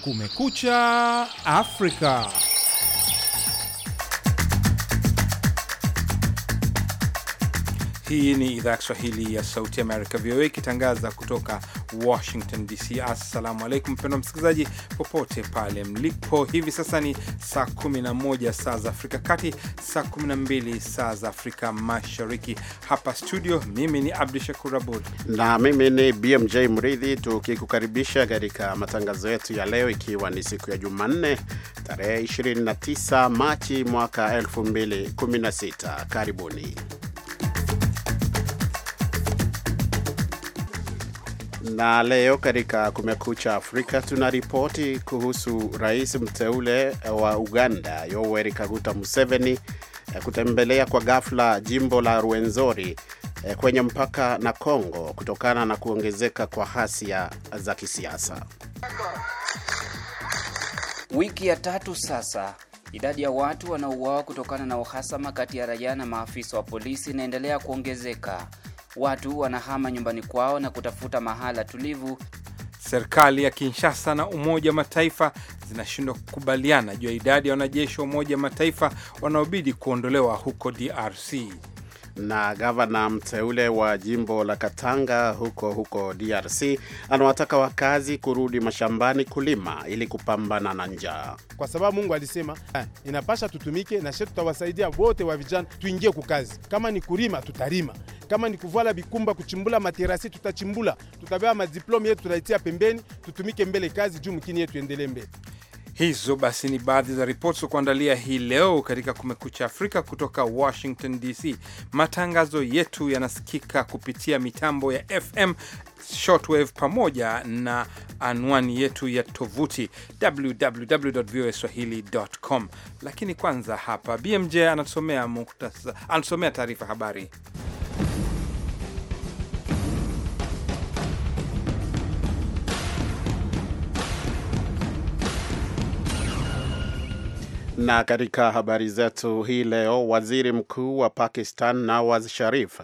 Kumekucha Afrika. Hii ni idhaa ya Kiswahili ya Sauti Amerika, VOA, ikitangaza kutoka Washington DC. Assalamu alaikum, mpendwa msikilizaji, popote pale mlipo. Hivi sasa ni saa 11 saa za Afrika Kati, saa 12 saa za Afrika Mashariki. Hapa studio, mimi ni Abdu Shakur Abud na mimi ni BMJ Mridhi, tukikukaribisha katika matangazo yetu ya leo, ikiwa ni siku ya Jumanne tarehe 29 Machi mwaka 2016. Karibuni. Na leo katika Kumekucha Afrika tuna ripoti kuhusu rais mteule wa Uganda Yoweri Kaguta Museveni eh, kutembelea kwa ghafla jimbo la Rwenzori eh, kwenye mpaka na Kongo kutokana na kuongezeka kwa hasia za kisiasa. Wiki ya tatu sasa, idadi ya watu wanaouawa kutokana na uhasama kati ya raia na maafisa wa polisi inaendelea kuongezeka watu wanahama nyumbani kwao na kutafuta mahala tulivu. Serikali ya Kinshasa na Umoja wa Mataifa zinashindwa kukubaliana juu ya idadi ya wanajeshi wa Umoja wa Mataifa wanaobidi kuondolewa huko DRC na gavana mteule wa jimbo la Katanga huko huko DRC anawataka wakazi kurudi mashambani kulima ili kupambana na njaa, kwa sababu Mungu alisema ah, inapasha tutumike na she, tutawasaidia wote wa vijana, tuingie kukazi. Kama ni kulima, tutalima kama ni kuvala bikumba, kuchimbula materasi, tutachimbula. Tutabeba madiplomi yetu tutaitia pembeni, tutumike mbele kazi juu mkini yetu endelee mbele. Hizo basi ni baadhi za ripoti za kuandalia hii leo katika Kumekucha Afrika kutoka Washington DC. Matangazo yetu yanasikika kupitia mitambo ya FM, shortwave pamoja na anwani yetu ya tovuti www voa swahili.com. Lakini kwanza hapa BMJ anatusomea taarifa habari. Na katika habari zetu hii leo, waziri mkuu wa Pakistan Nawaz Sharif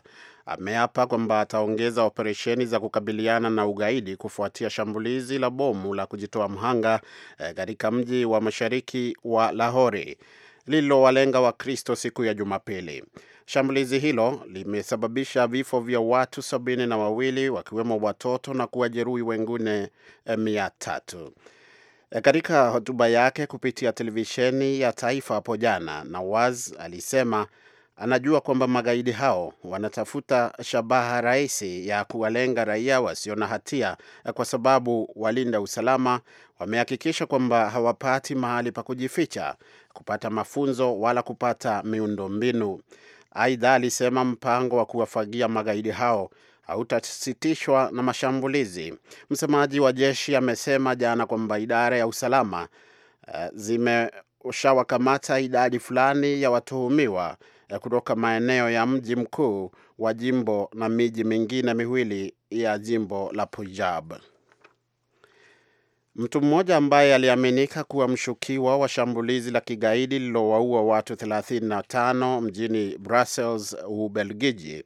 ameapa kwamba ataongeza operesheni za kukabiliana na ugaidi kufuatia shambulizi la bomu la kujitoa mhanga eh, katika mji wa mashariki wa Lahori lililowalenga Wakristo siku ya Jumapili. Shambulizi hilo limesababisha vifo vya watu sabini na wawili wakiwemo watoto na kuwajeruhi wengine eh, mia tatu. E, katika hotuba yake kupitia televisheni ya taifa hapo jana, Nawaz alisema anajua kwamba magaidi hao wanatafuta shabaha rahisi ya kuwalenga raia wasio na hatia, e, kwa sababu walinda usalama wamehakikisha kwamba hawapati mahali pa kujificha, kupata mafunzo wala kupata miundombinu. Aidha alisema mpango wa kuwafagia magaidi hao hautasitishwa na mashambulizi. Msemaji wa jeshi amesema jana kwamba idara ya usalama uh, eh, zimeshawakamata idadi fulani ya watuhumiwa uh, kutoka maeneo ya mji mkuu wa jimbo na miji mingine miwili ya jimbo la Punjab. Mtu mmoja ambaye aliaminika kuwa mshukiwa wa shambulizi la kigaidi lililowaua watu 35 mjini Brussels, Ubelgiji,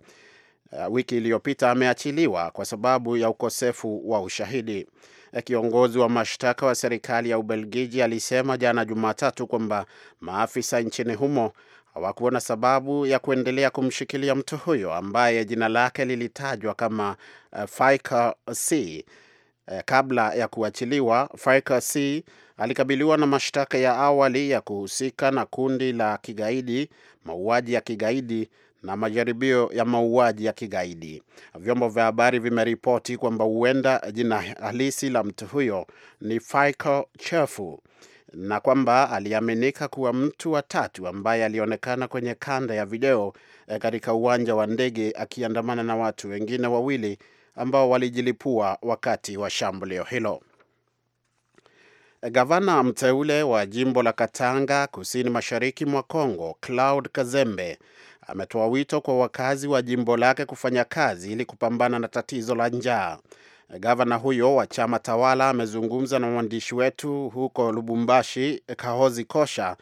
Eh, wiki iliyopita ameachiliwa kwa sababu ya ukosefu wa ushahidi. Eh, kiongozi wa mashtaka wa serikali ya Ubelgiji alisema jana Jumatatu kwamba maafisa nchini humo hawakuona sababu ya kuendelea kumshikilia mtu huyo ambaye jina lake lilitajwa kama uh, C. kabla ya kuachiliwa Faika C alikabiliwa na mashtaka ya awali ya kuhusika na kundi la kigaidi, mauaji ya kigaidi na majaribio ya mauaji ya kigaidi. Vyombo vya habari vimeripoti kwamba huenda jina halisi la mtu huyo ni fico Chefu na kwamba aliaminika kuwa mtu wa tatu ambaye alionekana kwenye kanda ya video eh, katika uwanja wa ndege akiandamana na watu wengine wawili ambao walijilipua wakati wa shambulio hilo. Gavana mteule wa jimbo la Katanga kusini mashariki mwa congo Claude Kazembe ametoa wito kwa wakazi wa jimbo lake kufanya kazi ili kupambana na tatizo la njaa. Gavana huyo wa chama tawala amezungumza na mwandishi wetu huko Lubumbashi, Kahozi Kosha,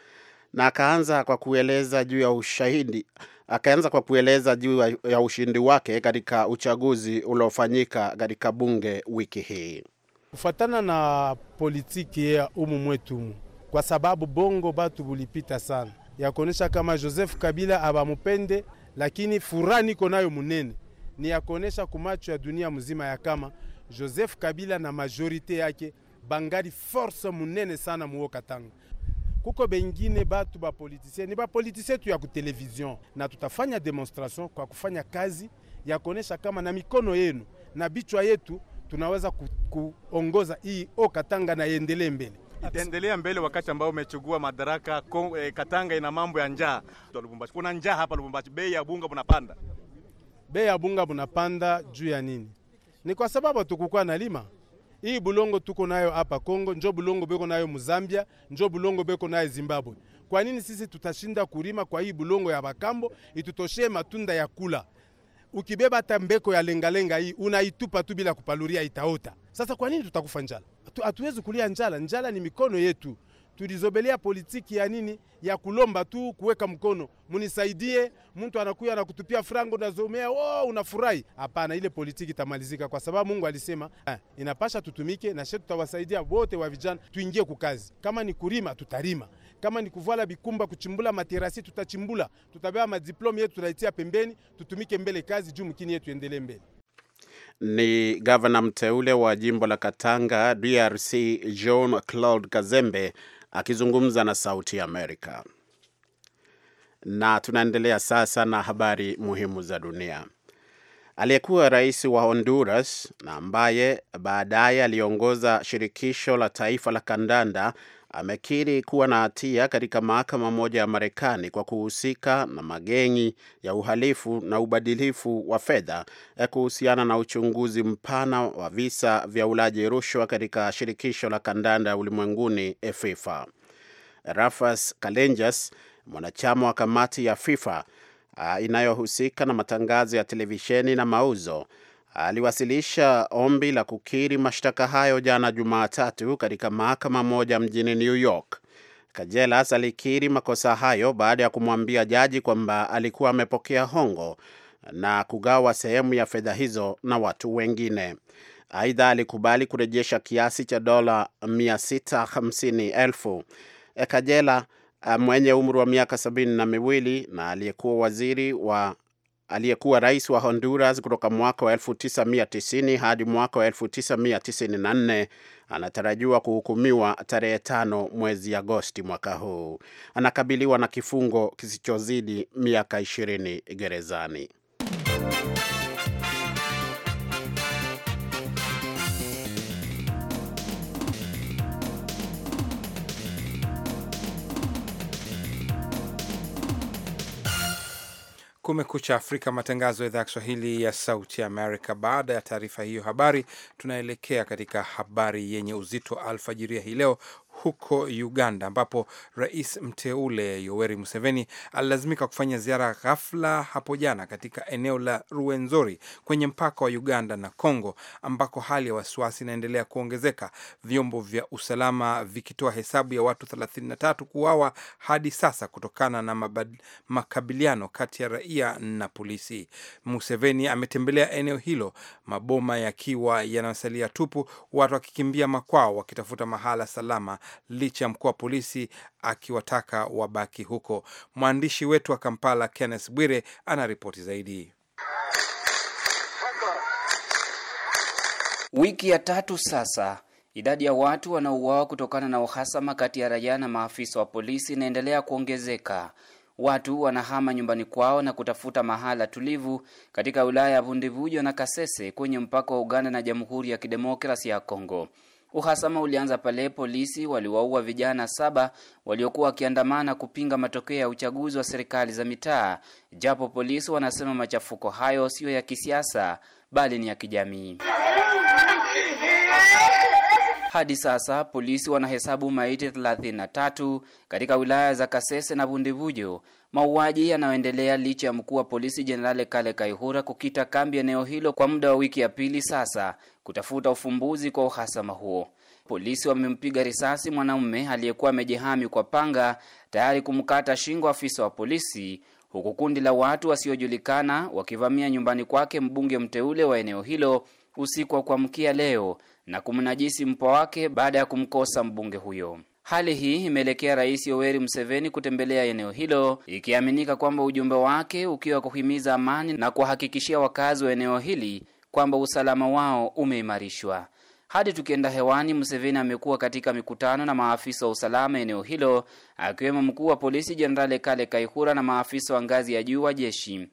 na akaanza kwa kueleza juu ya ushahidi akaanza kwa kueleza juu ya ushindi wake katika uchaguzi uliofanyika katika bunge wiki hii, kufatana na politiki ya umu mwetumu, kwa sababu bongo batu bulipita sana ya kuonesha kama Joseph Kabila abamupende, lakini furaha niko nayo munene ni ya kuonesha kumacho ya dunia mzima ya kama Joseph Kabila na majorite yake bangali force munene sana muwo Katanga. Kuko bengine batu bapolitisien ni bapolitisien tu ya kutelevizion, na tutafanya demonstration kwa kufanya kazi ya kuonesha kama na mikono yenu na bichwa yetu tunaweza kuongoza hii o Katanga na iendelee mbele itaendelea mbele wakati ambao umechugua madaraka e, Katanga ina mambo ya njaa. Lubumbashi kuna njaa hapa Lubumbashi, bei ya bunga bunapanda, bei ya bunga bunapanda juu ya nini? Ni kwa sababu tukukua na lima hii bulongo tuko nayo hapa Kongo, njo bulongo beko nayo Mzambia, njo bulongo beko nayo Zimbabwe. Kwa nini sisi tutashinda kurima kwa hii bulongo ya bakambo itutoshee matunda ya kula? ukibeba hata mbeko ya lengalenga hii unaitupa tu bila kupaluria, itaota. Sasa kwa nini tutakufa njala? Hatuwezi kulia njala, njala ni mikono yetu. Tulizobelea politiki ya nini? Ya kulomba tu, kuweka mkono, munisaidie. Mtu anakuya anakutupia frango, unazomea oh, unafurahi. Hapana, ile politiki itamalizika, kwa sababu Mungu alisema ha, ah, inapasha tutumike na shetu, tutawasaidia wote wa vijana, tuingie kukazi. Kama ni kurima, tutarima kama ni kuvala bikumba, kuchimbula materasi, tutachimbula, tutabeba madiploma yetu, tutaitia pembeni, tutumike mbele kazi juu mkini yetu endelee mbele. Ni gavana mteule wa jimbo la Katanga DRC, Jean Claude Kazembe akizungumza na Sauti ya Amerika. Na tunaendelea sasa na habari muhimu za dunia. Aliyekuwa rais wa Honduras na ambaye baadaye aliongoza shirikisho la taifa la kandanda amekiri kuwa na hatia katika mahakama moja ya Marekani kwa kuhusika na magengi ya uhalifu na ubadilifu wa fedha eh, kuhusiana na uchunguzi mpana wa visa vya ulaji rushwa katika shirikisho la kandanda ulimwenguni eh, FIFA. Rafas Kalenjas, mwanachama wa kamati ya FIFA ah, inayohusika na matangazo ya televisheni na mauzo aliwasilisha ombi la kukiri mashtaka hayo jana Jumatatu katika mahakama moja mjini New York. Kajelas alikiri makosa hayo baada ya kumwambia jaji kwamba alikuwa amepokea hongo na kugawa sehemu ya fedha hizo na watu wengine. Aidha, alikubali kurejesha kiasi cha dola 650,000. Kajela mwenye umri wa miaka sabini na miwili na aliyekuwa waziri wa aliyekuwa rais wa Honduras kutoka mwaka wa 1990 hadi mwaka wa 1994 anatarajiwa kuhukumiwa tarehe tano mwezi Agosti mwaka huu. Anakabiliwa na kifungo kisichozidi miaka 20 gerezani. Kumekucha Afrika, matangazo ya idhaa ya Kiswahili ya Sauti Amerika. Baada ya taarifa hiyo habari, tunaelekea katika habari yenye uzito alfajiria hii leo huko Uganda ambapo rais mteule Yoweri Museveni alilazimika kufanya ziara ghafla hapo jana katika eneo la Ruwenzori kwenye mpaka wa Uganda na Kongo ambako hali ya wasiwasi inaendelea kuongezeka, vyombo vya usalama vikitoa hesabu ya watu 33 kuuawa hadi sasa kutokana na mabad, makabiliano kati ya raia na polisi. Museveni ametembelea eneo hilo, maboma yakiwa yanasalia tupu, watu wakikimbia makwao wakitafuta mahala salama licha ya mkuu wa polisi akiwataka wabaki huko. Mwandishi wetu wa Kampala, Kenneth Bwire, ana ripoti zaidi. Wiki ya tatu sasa idadi ya watu wanaouawa kutokana na uhasama kati ya raia na maafisa wa polisi inaendelea kuongezeka. Watu wanahama nyumbani kwao na kutafuta mahala tulivu katika wilaya ya Vundivujo na Kasese kwenye mpaka wa Uganda na Jamhuri ya Kidemokrasi ya Kongo. Uhasama ulianza pale polisi waliwaua vijana saba waliokuwa wakiandamana kupinga matokeo ya uchaguzi wa serikali za mitaa, japo polisi wanasema machafuko hayo siyo ya kisiasa bali ni ya kijamii. Hadi sasa polisi wanahesabu maiti 33 katika wilaya za Kasese na Bundibugyo, mauaji yanayoendelea licha ya mkuu wa polisi Jenerali Kale Kaihura kukita kambi eneo hilo kwa muda wa wiki ya pili sasa, kutafuta ufumbuzi kwa uhasama huo. Polisi wamempiga risasi mwanaume aliyekuwa amejihami kwa panga tayari kumkata shingo afisa wa polisi, huku kundi la watu wasiojulikana wakivamia nyumbani kwake mbunge mteule wa eneo hilo usiku wa kuamkia leo na kumnajisi mpwa wake baada ya kumkosa mbunge huyo. Hali hii imeelekea Rais Yoweri Museveni kutembelea eneo hilo, ikiaminika kwamba ujumbe wake ukiwa kuhimiza amani na kuwahakikishia wakazi wa eneo hili kwamba usalama wao umeimarishwa. Hadi tukienda hewani, Museveni amekuwa katika mikutano na maafisa wa usalama eneo hilo, akiwemo mkuu wa polisi Jenerali Kale Kaihura na maafisa wa ngazi ya juu wa jeshi,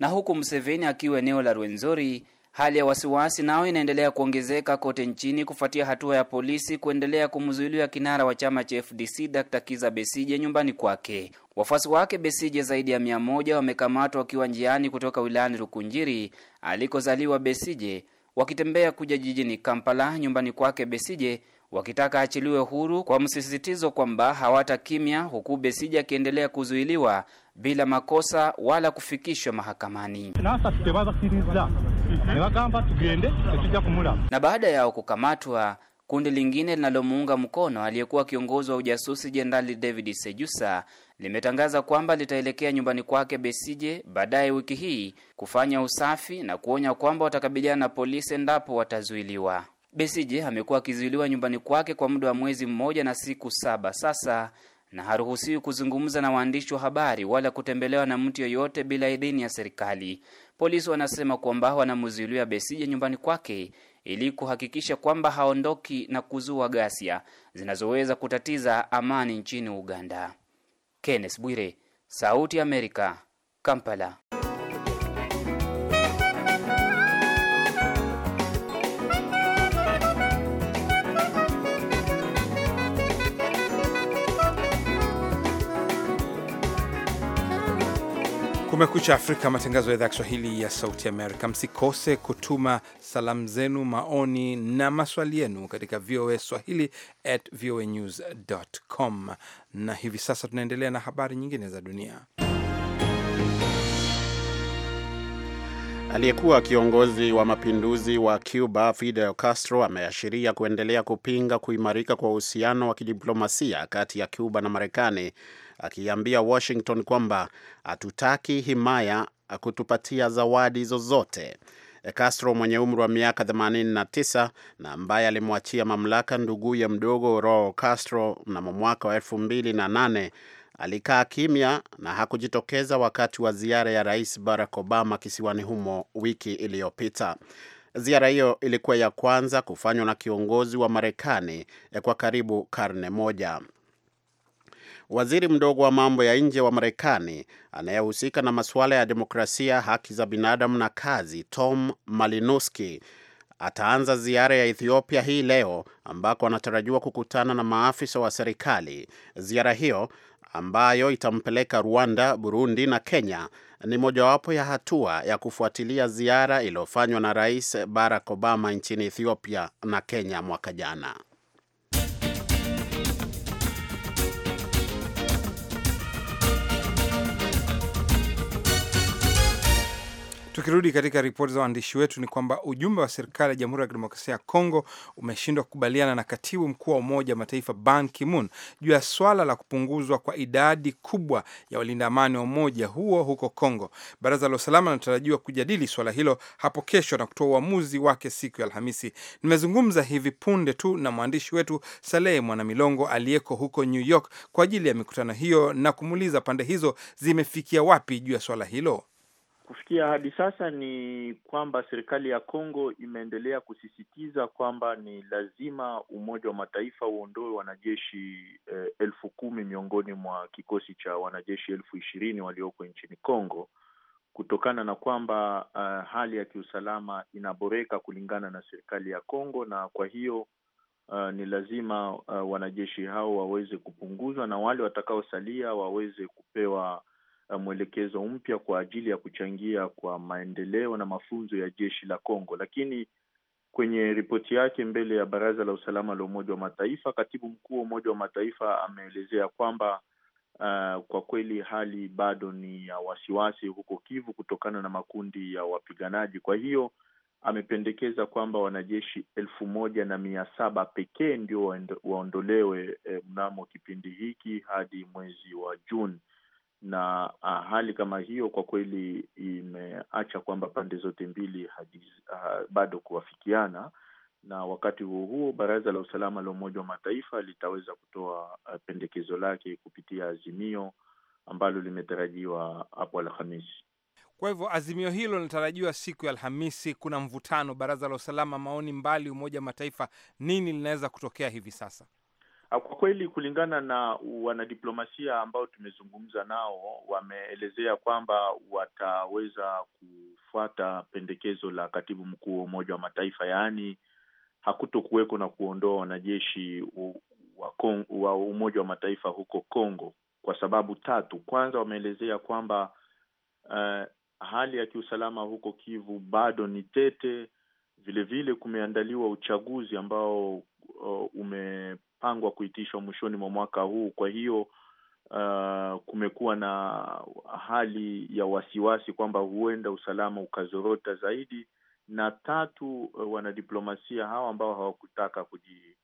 na huku Museveni akiwa eneo la Rwenzori Hali ya wasiwasi nao inaendelea kuongezeka kote nchini kufuatia hatua ya polisi kuendelea kumzuiliwa kinara wa chama cha FDC Dr. Kiza Besije nyumbani kwake. Wafuasi wake Besije zaidi ya mia moja wamekamatwa wakiwa njiani kutoka wilayani Rukunjiri alikozaliwa Besije wakitembea kuja jijini Kampala nyumbani kwake Besije wakitaka achiliwe huru kwa msisitizo kwamba hawatakimya huku Besije akiendelea kuzuiliwa bila makosa wala kufikishwa mahakamani. Mhm. ne tugende kumulaba. Na baada yao kukamatwa, kundi lingine linalomuunga mkono aliyekuwa kiongozi wa ujasusi Jenerali David Sejusa limetangaza kwamba litaelekea nyumbani kwake Besije baadaye wiki hii kufanya usafi na kuonya kwamba watakabiliana na polisi endapo watazuiliwa. Besije amekuwa akizuiliwa nyumbani kwake kwa muda wa mwezi mmoja na siku saba sasa, na haruhusiwi kuzungumza na waandishi wa habari wala kutembelewa na mtu yoyote bila idhini ya serikali. Polisi wanasema kwamba wanamzuilia Besije nyumbani kwake ili kuhakikisha kwamba haondoki na kuzua ghasia zinazoweza kutatiza amani nchini Uganda. Kenneth Bwire, Sauti ya Amerika, Kampala. Kumekucha Afrika, matangazo ya idhaa ya Kiswahili ya Sauti Amerika. Msikose kutuma salamu zenu, maoni na maswali yenu katika VOA Swahili at com. Na hivi sasa tunaendelea na habari nyingine za dunia. Aliyekuwa kiongozi wa mapinduzi wa Cuba Fidel Castro ameashiria kuendelea kupinga kuimarika kwa uhusiano wa kidiplomasia kati ya Cuba na Marekani akiambia Washington kwamba hatutaki himaya kutupatia zawadi zozote. Castro mwenye umri wa miaka 89 na ambaye alimwachia mamlaka nduguye mdogo Raul Castro mnamo mwaka wa 2008 alikaa kimya na hakujitokeza wakati wa ziara ya Rais Barack Obama kisiwani humo wiki iliyopita. Ziara hiyo ilikuwa ya kwanza kufanywa na kiongozi wa Marekani eh, kwa karibu karne moja waziri mdogo wa mambo ya nje wa Marekani anayehusika na masuala ya demokrasia, haki za binadamu na kazi, Tom Malinowski ataanza ziara ya Ethiopia hii leo ambako anatarajiwa kukutana na maafisa wa serikali. Ziara hiyo ambayo itampeleka Rwanda, Burundi na Kenya ni mojawapo ya hatua ya kufuatilia ziara iliyofanywa na Rais Barack Obama nchini Ethiopia na Kenya mwaka jana. Tukirudi katika ripoti za waandishi wetu, ni kwamba ujumbe wa serikali ya Jamhuri ya Kidemokrasia ya Kongo umeshindwa kukubaliana na katibu mkuu wa Umoja wa Mataifa Ban Ki-moon juu ya swala la kupunguzwa kwa idadi kubwa ya walinda amani wa umoja huo huko Kongo. Baraza la Usalama linatarajiwa kujadili swala hilo hapo kesho na kutoa uamuzi wake siku ya Alhamisi. Nimezungumza hivi punde tu na mwandishi wetu Salehe Mwanamilongo aliyeko huko New York kwa ajili ya mikutano hiyo na kumuuliza pande hizo zimefikia wapi juu ya swala hilo. Kufikia hadi sasa ni kwamba serikali ya Kongo imeendelea kusisitiza kwamba ni lazima Umoja wa Mataifa uondoe wanajeshi eh, elfu kumi miongoni mwa kikosi cha wanajeshi elfu ishirini walioko nchini Kongo kutokana na kwamba uh, hali ya kiusalama inaboreka kulingana na serikali ya Kongo, na kwa hiyo uh, ni lazima uh, wanajeshi hao waweze kupunguzwa na wale watakaosalia waweze kupewa Uh, mwelekezo mpya kwa ajili ya kuchangia kwa maendeleo na mafunzo ya jeshi la Kongo. Lakini kwenye ripoti yake mbele ya Baraza la Usalama la Umoja wa Mataifa, katibu mkuu wa Umoja wa Mataifa ameelezea kwamba uh, kwa kweli hali bado ni ya wasiwasi huko Kivu kutokana na makundi ya wapiganaji. Kwa hiyo amependekeza kwamba wanajeshi elfu moja na mia saba pekee ndio waondolewe eh, mnamo kipindi hiki hadi mwezi wa Juni na ah, hali kama hiyo kwa kweli imeacha kwamba pande zote mbili uh, bado kuwafikiana na wakati huo huo Baraza la Usalama la Umoja wa Mataifa litaweza kutoa ah, pendekezo lake kupitia azimio ambalo limetarajiwa hapo Alhamisi. Kwa hivyo azimio hilo linatarajiwa siku ya Alhamisi. Kuna mvutano, Baraza la Usalama, maoni mbali, Umoja wa Mataifa. Nini linaweza kutokea hivi sasa? Ah, kwa kweli, kulingana na wanadiplomasia ambao tumezungumza nao, wameelezea kwamba wataweza kufuata pendekezo la katibu mkuu wa Umoja wa Mataifa, yaani hakutokuweko na kuondoa wanajeshi wa, wa Umoja wa Mataifa huko congo kwa sababu tatu. Kwanza, wameelezea kwamba uh, hali ya kiusalama huko Kivu bado ni tete. Vilevile kumeandaliwa uchaguzi ambao uh, ume yalipangwa kuitishwa mwishoni mwa mwaka huu. Kwa hiyo uh, kumekuwa na hali ya wasiwasi kwamba huenda usalama ukazorota zaidi. Na tatu, uh, wanadiplomasia hawa ambao hawakutaka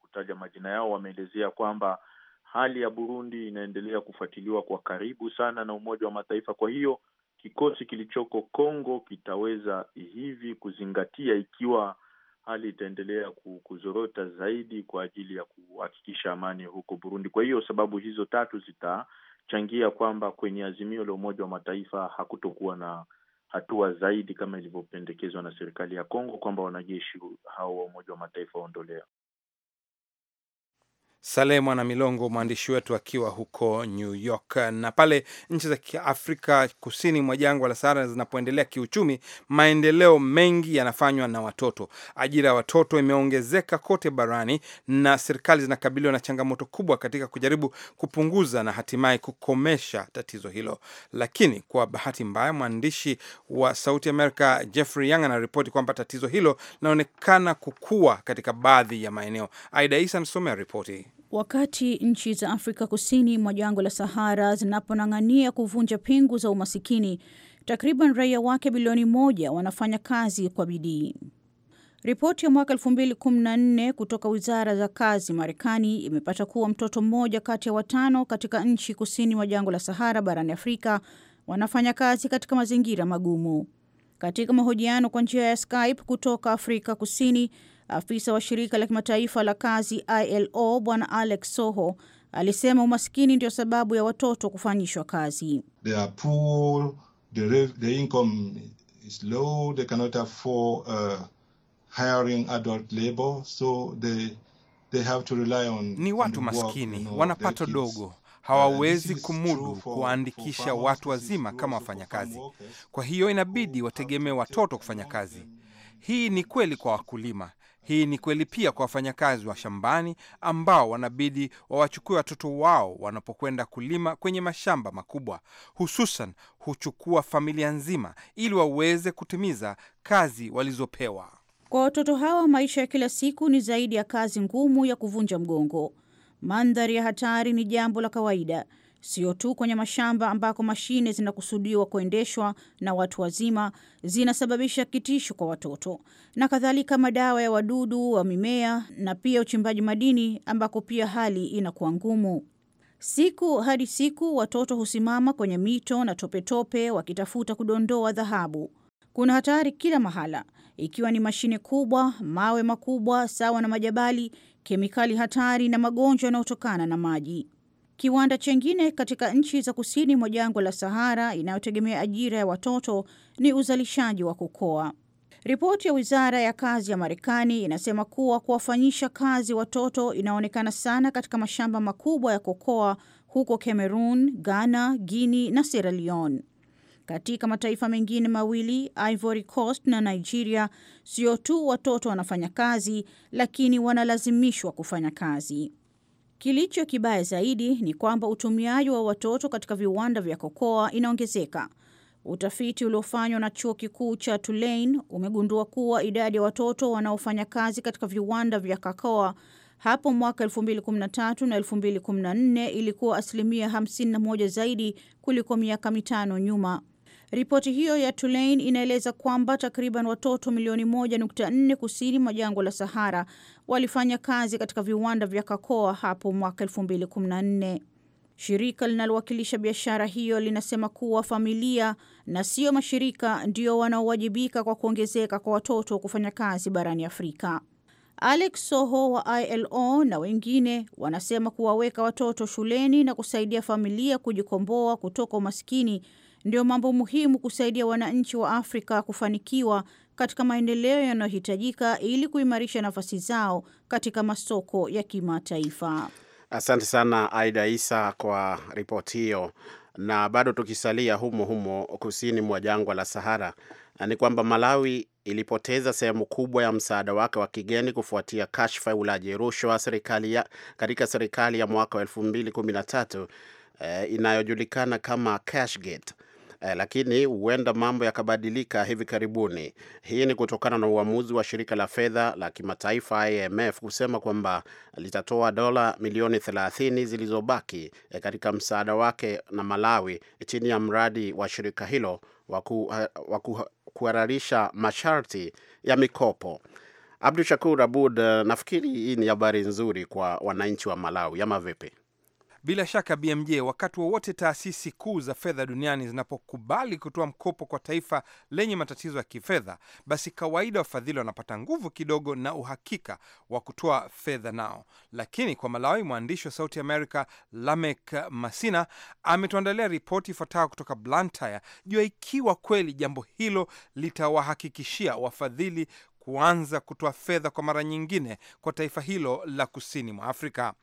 kutaja majina yao wameelezea kwamba hali ya Burundi inaendelea kufuatiliwa kwa karibu sana na Umoja wa Mataifa. Kwa hiyo kikosi kilichoko Kongo kitaweza hivi kuzingatia ikiwa hali itaendelea kuzorota zaidi kwa ajili ya kuhakikisha amani huko Burundi. Kwa hiyo sababu hizo tatu zitachangia kwamba kwenye azimio la Umoja wa Mataifa hakutokuwa na hatua zaidi kama ilivyopendekezwa na serikali ya Kongo kwamba wanajeshi hao wa Umoja wa Mataifa waondolewa. Saleh Mwana Milongo, mwandishi wetu akiwa huko New York. Na pale nchi za kiafrika kusini mwa jangwa la Sahara zinapoendelea kiuchumi, maendeleo mengi yanafanywa na watoto. Ajira ya watoto imeongezeka kote barani, na serikali zinakabiliwa na changamoto kubwa katika kujaribu kupunguza na hatimaye kukomesha tatizo hilo. Lakini kwa bahati mbaya, mwandishi wa Sauti Amerika Jeffrey Young anaripoti kwamba tatizo hilo linaonekana kukua katika baadhi ya maeneo. Aida Isa anasomea ripoti. Wakati nchi za Afrika kusini mwa jangwa la Sahara zinaponang'ania kuvunja pingu za umasikini, takriban raia wake bilioni moja wanafanya kazi kwa bidii. Ripoti ya mwaka 2014 kutoka wizara za kazi Marekani imepata kuwa mtoto mmoja kati ya watano katika nchi kusini mwa jangwa la Sahara barani Afrika wanafanya kazi katika mazingira magumu. Katika mahojiano kwa njia ya Skype kutoka Afrika Kusini, Afisa wa shirika la kimataifa la kazi ILO Bwana Alex Soho alisema umaskini ndio sababu ya watoto kufanyishwa kazi. They are poor, the, the income is low, they cannot afford uh, hiring adult labor, so they, they have to rely on ni watu maskini you know, wanapato dogo uh, hawawezi kumudu kuwaandikisha watu wazima kama wafanyakazi. Kwa hiyo inabidi wategemee watoto kufanya kazi. Hii ni kweli kwa wakulima, hii ni kweli pia kwa wafanyakazi wa shambani ambao wanabidi wawachukue watoto wao wanapokwenda kulima kwenye mashamba makubwa, hususan huchukua familia nzima ili waweze kutimiza kazi walizopewa. Kwa watoto hawa, maisha ya kila siku ni zaidi ya kazi ngumu ya kuvunja mgongo. Mandhari ya hatari ni jambo la kawaida sio tu kwenye mashamba ambako mashine zinakusudiwa kuendeshwa na watu wazima, zinasababisha kitisho kwa watoto na kadhalika, madawa ya wadudu wa mimea na pia uchimbaji madini ambako pia hali inakuwa ngumu. Siku hadi siku watoto husimama kwenye mito na topetope wakitafuta kudondoa dhahabu. Kuna hatari kila mahala, ikiwa ni mashine kubwa, mawe makubwa sawa na majabali, kemikali hatari na magonjwa yanayotokana na maji. Kiwanda chengine katika nchi za kusini mwa jangwa la Sahara inayotegemea ajira ya watoto ni uzalishaji wa kokoa. Ripoti ya wizara ya kazi ya Marekani inasema kuwa kuwafanyisha kazi watoto inaonekana sana katika mashamba makubwa ya kokoa huko Cameroon, Ghana, Guinea na Sierra Leone. Katika mataifa mengine mawili, Ivory Coast na Nigeria, sio tu watoto wanafanya kazi, lakini wanalazimishwa kufanya kazi. Kilicho kibaya zaidi ni kwamba utumiaji wa watoto katika viwanda vya kokoa inaongezeka. Utafiti uliofanywa na chuo kikuu cha Tulane umegundua kuwa idadi ya watoto wanaofanya kazi katika viwanda vya kakoa hapo mwaka 2013 na 2014 ilikuwa asilimia 51 zaidi kuliko miaka mitano nyuma. Ripoti hiyo ya Tulane inaeleza kwamba takriban watoto milioni 14 kusini mwa jangwa la Sahara walifanya kazi katika viwanda vya kakoa hapo mwaka 2014. Shirika linalowakilisha biashara hiyo linasema kuwa familia na sio mashirika ndio wanaowajibika kwa kuongezeka kwa watoto kufanya kazi barani Afrika. Alex Soho wa ILO na wengine wanasema kuwaweka watoto shuleni na kusaidia familia kujikomboa kutoka umaskini ndio mambo muhimu kusaidia wananchi wa Afrika kufanikiwa katika maendeleo yanayohitajika ili kuimarisha nafasi zao katika masoko ya kimataifa. Asante sana Aida Isa kwa ripoti hiyo. Na bado tukisalia humo humo kusini mwa jangwa la Sahara, ni kwamba Malawi ilipoteza sehemu kubwa ya msaada wake wa kigeni kufuatia kashfa ya ulaji rushwa katika serikali ya mwaka wa 2013 eh, inayojulikana kama Cashgate eh, lakini huenda mambo yakabadilika hivi karibuni. Hii ni kutokana na uamuzi wa shirika la fedha la kimataifa IMF kusema kwamba litatoa dola milioni 30 zilizobaki eh, katika msaada wake na Malawi chini ya mradi wa shirika hilo wa eh, kuhararisha masharti ya mikopo. Abdu Shakur Abud, eh, nafikiri hii ni habari nzuri kwa wananchi wa Malawi ama vipi? Bila shaka BMJ, wakati wowote taasisi kuu za fedha duniani zinapokubali kutoa mkopo kwa taifa lenye matatizo ya kifedha, basi kawaida wafadhili wanapata nguvu kidogo na uhakika wa kutoa fedha nao. Lakini kwa Malawi, mwandishi wa Sauti america Lamek Masina ametuandalia ripoti ifuatayo kutoka Blantyre juu ya ikiwa kweli jambo hilo litawahakikishia wafadhili kuanza kutoa fedha kwa mara nyingine kwa taifa hilo la kusini mwa Afrika.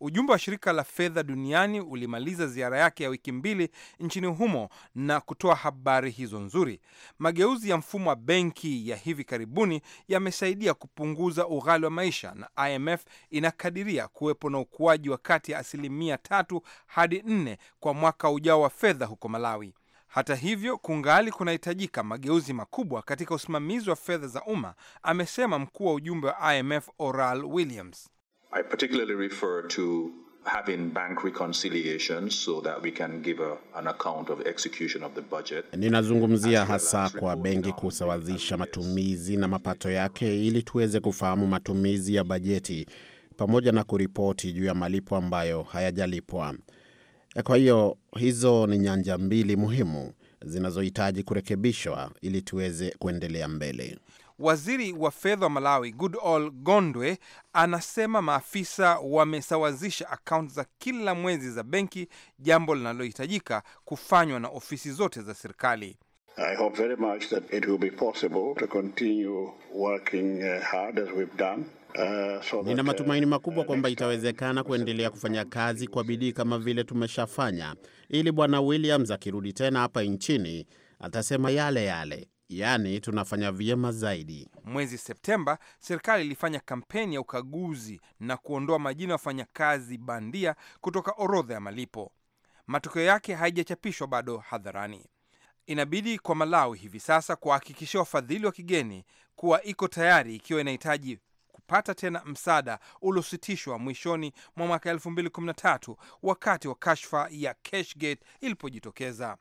Ujumbe wa shirika la fedha duniani ulimaliza ziara yake ya wiki mbili nchini humo na kutoa habari hizo nzuri. Mageuzi ya mfumo wa benki ya hivi karibuni yamesaidia kupunguza ughali wa maisha, na IMF inakadiria kuwepo na ukuaji wa kati ya asilimia tatu hadi nne kwa mwaka ujao wa fedha huko Malawi. Hata hivyo kungali kunahitajika mageuzi makubwa katika usimamizi wa fedha za umma, amesema mkuu wa ujumbe wa IMF Oral Williams. I particularly refer to having bank reconciliation so that we can give a, an account of execution of the budget. Ninazungumzia hasa kwa benki kusawazisha matumizi na mapato yake ili tuweze kufahamu matumizi ya bajeti pamoja na kuripoti juu ya malipo ambayo hayajalipwa. Kwa hiyo hizo ni nyanja mbili muhimu zinazohitaji kurekebishwa ili tuweze kuendelea mbele. Waziri wa fedha wa Malawi Goodall Gondwe anasema maafisa wamesawazisha akaunti za kila mwezi za benki, jambo linalohitajika kufanywa na ofisi zote za serikali. Uh, so nina uh, matumaini makubwa kwamba itawezekana kuendelea kufanya kazi kwa bidii kama vile tumeshafanya, ili Bwana Williams akirudi tena hapa nchini atasema yale yale yaani tunafanya vyema zaidi. Mwezi Septemba, serikali ilifanya kampeni ya ukaguzi na kuondoa majina ya wafanyakazi bandia kutoka orodha ya malipo. Matokeo yake haijachapishwa bado hadharani. Inabidi kwa Malawi hivi sasa kuwahakikishia wafadhili wa kigeni kuwa iko tayari ikiwa inahitaji kupata tena msaada uliositishwa mwishoni mwa mwaka 2013 wakati wa kashfa ya Cashgate ilipojitokeza.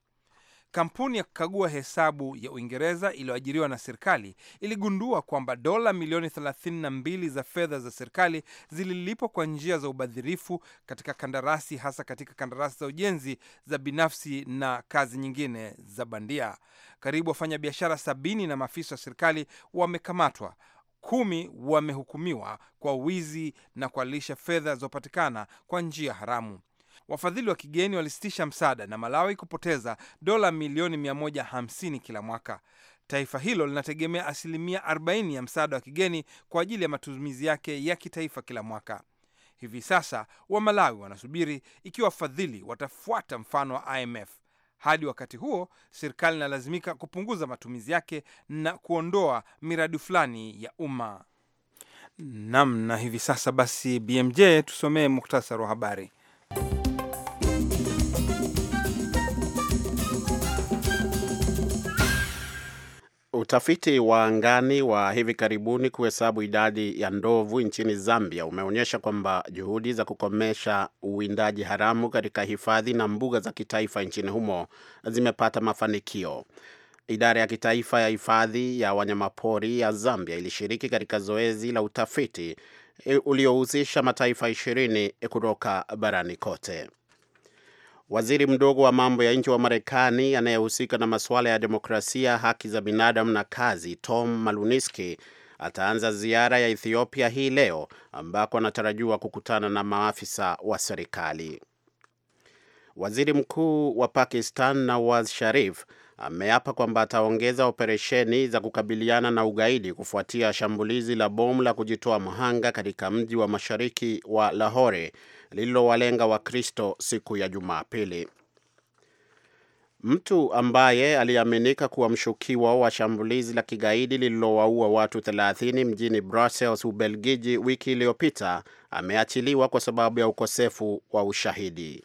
Kampuni ya kukagua hesabu ya Uingereza iliyoajiriwa na serikali iligundua kwamba dola milioni 32 za fedha za serikali zililipwa kwa njia za ubadhirifu katika kandarasi, hasa katika kandarasi za ujenzi za binafsi na kazi nyingine za bandia. Karibu wafanyabiashara sabini na maafisa wa serikali wamekamatwa, kumi wamehukumiwa kwa wizi na kualisha fedha zilizopatikana kwa njia haramu. Wafadhili wa kigeni walisitisha msaada na Malawi kupoteza dola milioni 150 kila mwaka. Taifa hilo linategemea asilimia 40 ya msaada wa kigeni kwa ajili ya matumizi yake ya kitaifa kila mwaka. Hivi sasa wa malawi wanasubiri ikiwa wafadhili watafuata mfano wa IMF. Hadi wakati huo, serikali inalazimika kupunguza matumizi yake na kuondoa miradi fulani ya umma. Nam, na hivi sasa basi, BMJ, tusomee muktasari wa habari. Utafiti wa angani wa hivi karibuni kuhesabu idadi ya ndovu nchini Zambia umeonyesha kwamba juhudi za kukomesha uwindaji haramu katika hifadhi na mbuga za kitaifa nchini humo zimepata mafanikio. Idara ya kitaifa ya hifadhi ya wanyamapori ya Zambia ilishiriki katika zoezi la utafiti eh, uliohusisha mataifa ishirini kutoka barani kote. Waziri mdogo wa mambo ya nje wa Marekani anayehusika na masuala ya demokrasia, haki za binadamu na kazi, Tom Maluniski ataanza ziara ya Ethiopia hii leo ambako anatarajiwa kukutana na maafisa wa serikali. Waziri mkuu wa Pakistan Nawaz Sharif ameapa kwamba ataongeza operesheni za kukabiliana na ugaidi kufuatia shambulizi la bomu la kujitoa mhanga katika mji wa mashariki wa Lahore lililowalenga Wakristo siku ya Jumapili. Mtu ambaye aliaminika kuwa mshukiwa wa shambulizi la kigaidi lililowaua watu 30 mjini Brussels, Ubelgiji, wiki iliyopita ameachiliwa kwa sababu ya ukosefu wa ushahidi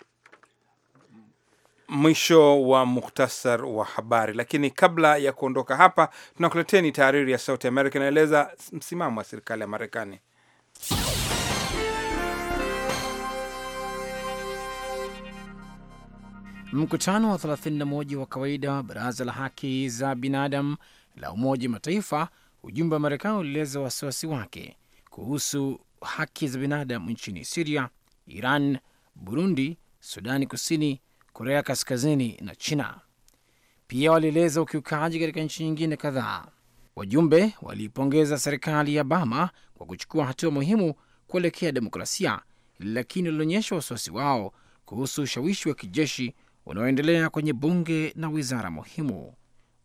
mwisho wa muhtasar wa habari. Lakini kabla ya kuondoka hapa, tunakuleteni tahariri ya Sauti Amerika inaeleza msimamo wa serikali ya Marekani. Mkutano wa 31 wa kawaida Baraza la Haki za Binadamu la Umoja wa Mataifa, ujumbe wa Marekani ulieleza wasiwasi wake kuhusu haki za binadamu nchini Siria, Iran, Burundi, Sudani Kusini, Korea Kaskazini na China. Pia walieleza ukiukaji katika nchi nyingine kadhaa. Wajumbe waliipongeza serikali ya bama kwa kuchukua hatua muhimu kuelekea demokrasia, lakini walionyesha wasiwasi wao kuhusu ushawishi wa kijeshi unaoendelea kwenye bunge na wizara muhimu.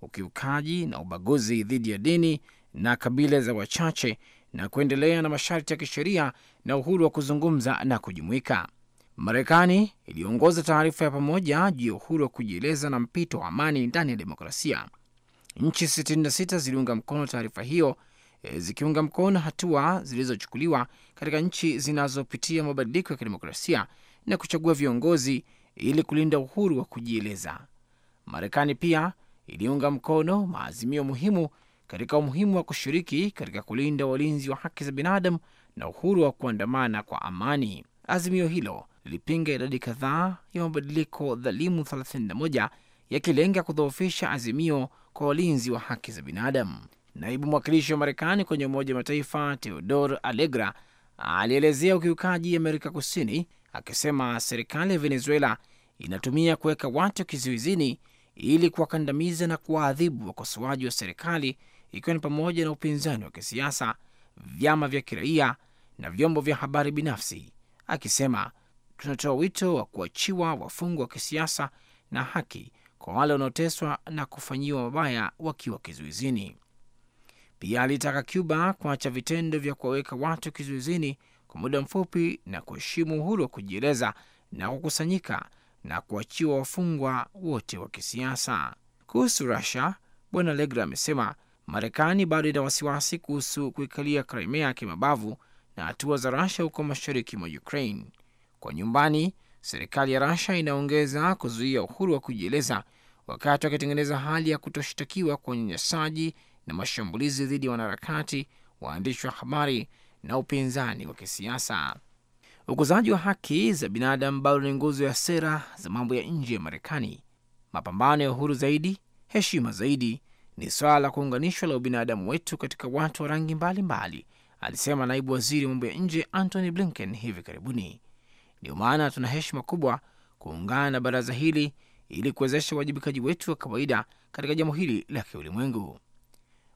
Ukiukaji na ubaguzi dhidi ya dini na kabila za wachache na kuendelea na masharti ya kisheria na uhuru wa kuzungumza na kujumuika. Marekani iliongoza taarifa ya pamoja juu ya uhuru wa kujieleza na mpito wa amani ndani ya demokrasia. Nchi 66 ziliunga mkono taarifa hiyo, e, zikiunga mkono hatua zilizochukuliwa katika nchi zinazopitia mabadiliko ya kidemokrasia na kuchagua viongozi ili kulinda uhuru wa kujieleza. Marekani pia iliunga mkono maazimio muhimu katika umuhimu wa kushiriki katika kulinda walinzi wa haki za binadamu na uhuru wa kuandamana kwa amani. Azimio hilo lilipinga idadi kadhaa ya mabadiliko dhalimu 31 yakilenga kudhoofisha azimio kwa walinzi wa haki za binadamu. Naibu mwakilishi wa Marekani kwenye Umoja wa Mataifa teodor Allegra alielezea ukiukaji Amerika Kusini akisema serikali ya Venezuela inatumia kuweka watu kizuizini ili kuwakandamiza na kuwaadhibu wakosoaji wa serikali, ikiwa ni pamoja na upinzani wa kisiasa, vyama vya kiraia na vyombo vya habari binafsi, akisema tunatoa wito wa kuachiwa wafungwa wa kisiasa na haki kwa wale wanaoteswa na kufanyiwa mabaya wakiwa kizuizini. Pia alitaka Cuba kuacha vitendo vya kuwaweka watu kizuizini kwa muda mfupi na kuheshimu uhuru wa kujieleza na kukusanyika na kuachiwa wafungwa wote wa kisiasa. Kuhusu Rusia, Bwana Legra amesema Marekani bado ina wasiwasi kuhusu kuikalia Krimea kimabavu na hatua za Rusia huko mashariki mwa Ukraine kwa nyumbani, serikali ya Rasha inaongeza kuzuia uhuru wa kujieleza wakati wakitengeneza hali ya kutoshtakiwa kwa unyanyasaji na mashambulizi dhidi ya wanaharakati, waandishi wa habari na upinzani wa kisiasa. Ukuzaji wa haki za binadamu bado ni nguzo ya sera za mambo ya nje ya Marekani. Mapambano ya uhuru zaidi, heshima zaidi ni swala la kuunganishwa la ubinadamu wetu katika watu wa rangi mbalimbali, alisema naibu waziri wa mambo ya nje Antony Blinken hivi karibuni. Ndio maana tuna heshima kubwa kuungana na baraza hili ili kuwezesha uwajibikaji wetu wa kawaida katika jambo hili la kiulimwengu.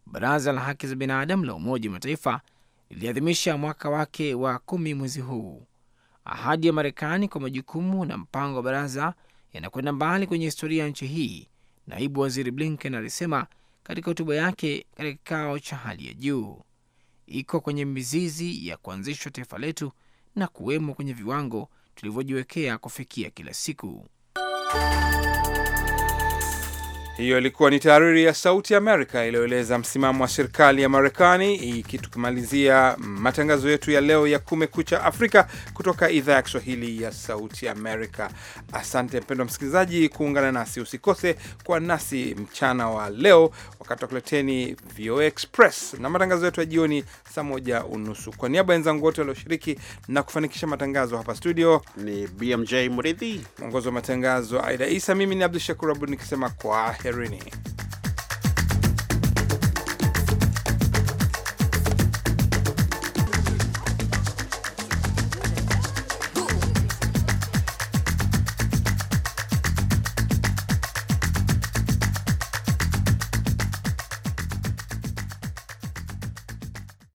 Baraza la Haki za Binadamu la Umoja wa Mataifa liliadhimisha mwaka wake wa kumi mwezi huu. Ahadi ya Marekani kwa majukumu na mpango wa baraza yanakwenda mbali kwenye historia ya nchi hii, naibu waziri Blinken alisema katika hotuba yake katika kikao cha hali ya juu. Iko kwenye mizizi ya kuanzishwa taifa letu na kuwemo kwenye viwango tulivyojiwekea kufikia kila siku. Hiyo ilikuwa ni tahariri ya Sauti Amerika iliyoeleza msimamo wa serikali ya Marekani, ikitukimalizia matangazo yetu ya leo ya Kumekucha Afrika kutoka idhaa ya Kiswahili ya Sauti Amerika. Asante mpendwa msikilizaji kuungana nasi, usikose kwa nasi mchana wa leo wakati wakuleteni VOA Express na matangazo yetu ya jioni saa moja unusu. Kwa niaba ya wenzangu wote walioshiriki na kufanikisha matangazo hapa studio, ni BMJ Mridhi mwongozi wa matangazo, Aida Isa, mimi ni Abdu Shakur Abud nikisema kwa Perini.